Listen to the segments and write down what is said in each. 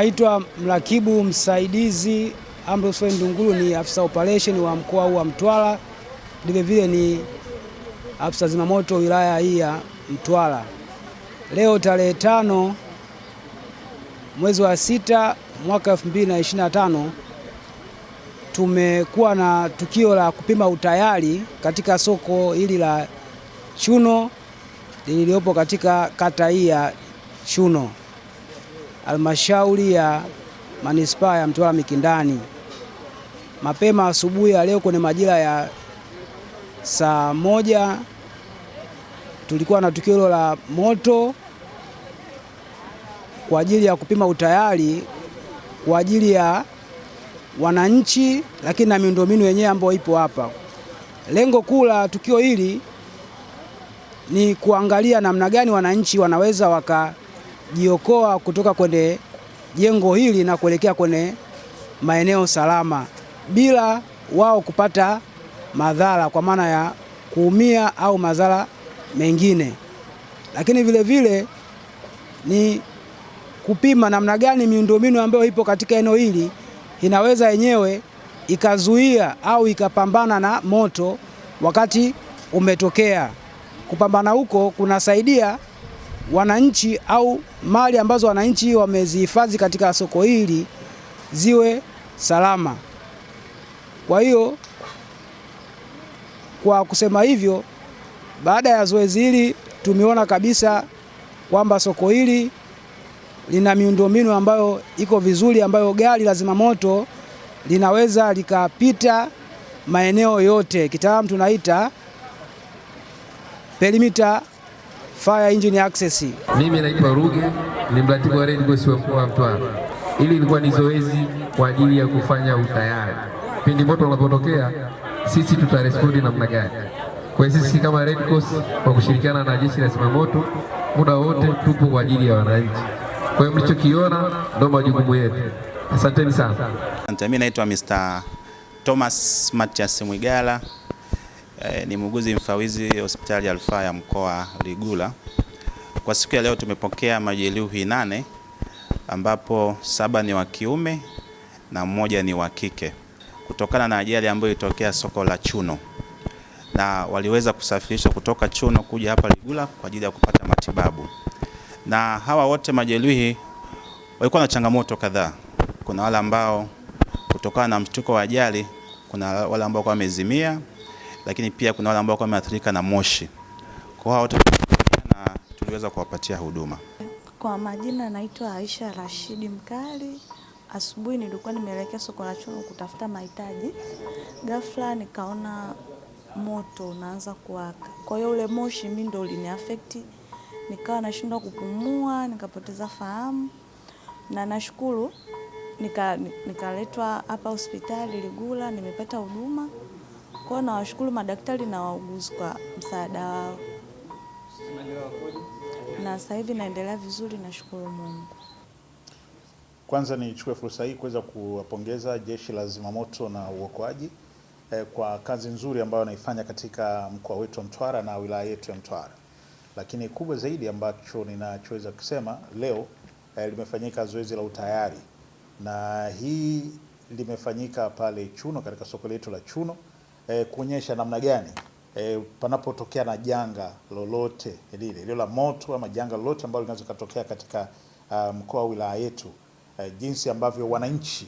Naitwa mrakibu msaidizi Ambrose Ndunguru, ni afisa operation wa mkoa huu wa Mtwara, vilevile ni afisa zimamoto wilaya hii ya Mtwara. Leo tarehe tano mwezi wa sita mwaka 2025 tumekuwa na tukio la kupima utayari katika soko hili la Chuno lililopo katika kata hii ya Chuno. Halmashauri ya Manispaa ya Mtwara Mikindani mapema asubuhi ya leo kwenye majira ya saa moja tulikuwa na tukio hilo la moto kwa ajili ya kupima utayari kwa ajili ya wananchi, lakini na miundombinu yenyewe ambayo ipo hapa. Lengo kuu la tukio hili ni kuangalia namna gani wananchi wanaweza waka kujiokoa kutoka kwenye jengo hili na kuelekea kwenye maeneo salama bila wao kupata madhara kwa maana ya kuumia au madhara mengine. Lakini vile vile ni kupima namna gani miundombinu ambayo ipo katika eneo hili inaweza yenyewe ikazuia au ikapambana na moto wakati umetokea. Kupambana huko kunasaidia wananchi au mali ambazo wananchi wamezihifadhi katika soko hili ziwe salama. Kwa hiyo kwa kusema hivyo, baada ya zoezi hili tumeona kabisa kwamba soko hili lina miundombinu ambayo iko vizuri, ambayo gari la zimamoto linaweza likapita maeneo yote, kitaalamu tunaita perimita fire engine access. Mimi naitwa Ruge, ni mratibu wa Red Cross wa mkoa wa Mtwara. Hili ilikuwa ni zoezi kwa ajili ya kufanya utayari pindi moto unapotokea, sisi tutarespondi namna gani. Kwa hiyo sisi kama Red Cross kwa kushirikiana na jeshi la zimamoto, muda wote tupo kwa ajili ya wananchi. Kwa hiyo mlichokiona ndio majukumu yetu. Asanteni sana. Mimi naitwa Mr. Thomas Matias Mwigala Eh, ni muuguzi mfawizi hospitali ya rufaa ya mkoa Ligula. Kwa siku ya leo tumepokea majeruhi nane ambapo saba ni wa kiume na mmoja ni wa kike kutokana na ajali ambayo ilitokea soko la Chuno, na waliweza kusafirishwa kutoka Chuno kuja hapa Ligula kwa ajili ya kupata matibabu. Na hawa wote majeruhi walikuwa na changamoto kadhaa. Kuna wale ambao kutokana na mshtuko wa ajali, kuna wale ambao wamezimia lakini pia kuna wale ambao wameathirika na moshi, kwa hao na tuliweza kuwapatia huduma. Kwa majina naitwa Aisha Rashidi Mkali. Asubuhi nilikuwa nimeelekea soko la Chono kutafuta mahitaji, ghafla nikaona moto unaanza kuwaka, kwa hiyo ule moshi mimi ndio uliniafekti, nikawa nashindwa kupumua, nikapoteza fahamu, na nashukuru nikaletwa nika hapa hospitali Ligula, nimepata huduma. Kwa hiyo nawashukuru madaktari na wauguzi kwa msaada wao, na sasa hivi naendelea vizuri, nashukuru Mungu. Kwanza nichukue fursa hii kuweza kuwapongeza Jeshi la Zimamoto na Uokoaji eh, kwa kazi nzuri ambayo wanaifanya katika mkoa wetu wa Mtwara na wilaya yetu ya Mtwara, lakini kubwa zaidi ambacho ninachoweza kusema leo eh, limefanyika zoezi la utayari na hii limefanyika pale Chuno katika soko letu la Chuno e, kuonyesha namna gani e, panapotokea na janga lolote lile lilo la moto ama janga lolote ambalo linaweza kutokea katika uh, mkoa wa wilaya yetu e, jinsi ambavyo wananchi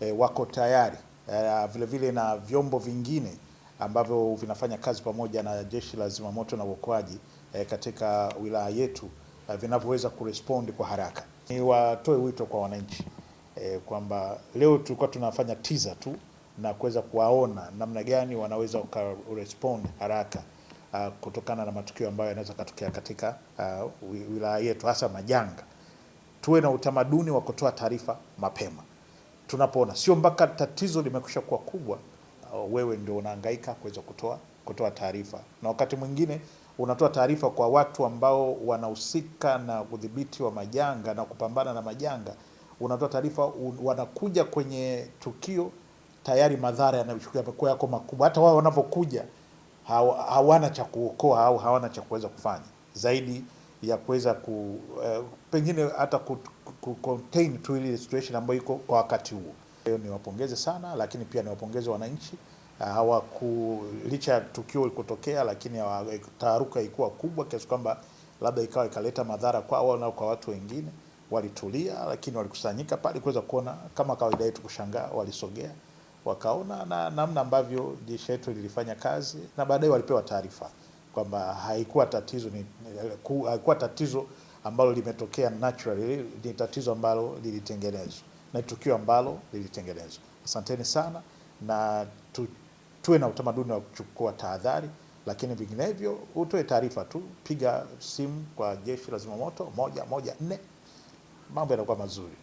e, wako tayari e, vile vile na vyombo vingine ambavyo vinafanya kazi pamoja na jeshi la zimamoto na uokoaji e, katika wilaya yetu e, vinavyoweza kurespond kwa haraka. ni watoe wito kwa wananchi e, kwamba leo tulikuwa tunafanya tiza tu na kuweza kuwaona namna gani wanaweza kurespond haraka uh, kutokana na matukio ambayo yanaweza katokea katika uh, wilaya yetu hasa majanga. Tuwe na utamaduni wa kutoa taarifa mapema tunapoona, sio mpaka tatizo limekwisha kuwa kubwa uh, wewe ndio unahangaika kuweza kutoa kutoa taarifa, na wakati mwingine unatoa taarifa kwa watu ambao wanahusika na udhibiti wa majanga na kupambana na majanga. Unatoa taarifa, wanakuja kwenye tukio tayari madhara yanayochukia kwa yako makubwa, hata wao wanapokuja hawana cha kuokoa au hawana cha kuweza kufanya zaidi ya kuweza ku eh, pengine hata ku, ku contain tu ile situation ambayo iko kwa wakati huo. Leo niwapongeze sana, lakini pia niwapongeze wananchi hawaku licha ya tukio likotokea, lakini taharuka ilikuwa kubwa kiasi kwamba labda ikawa ikaleta madhara kwa wao na kwa watu wengine. Walitulia, lakini walikusanyika pale kuweza kuona, kama kawaida yetu kushangaa, walisogea wakaona na namna ambavyo jeshi letu lilifanya kazi, na baadaye walipewa taarifa kwamba haikuwa tatizo ni, ku, haikuwa tatizo ambalo limetokea naturally, ni tatizo ambalo lilitengenezwa na tukio ambalo lilitengenezwa. Asanteni sana na tu, tuwe na utamaduni wa kuchukua tahadhari, lakini vinginevyo utoe taarifa tu, piga simu kwa jeshi la zimamoto moja moja nne, mambo yanakuwa mazuri.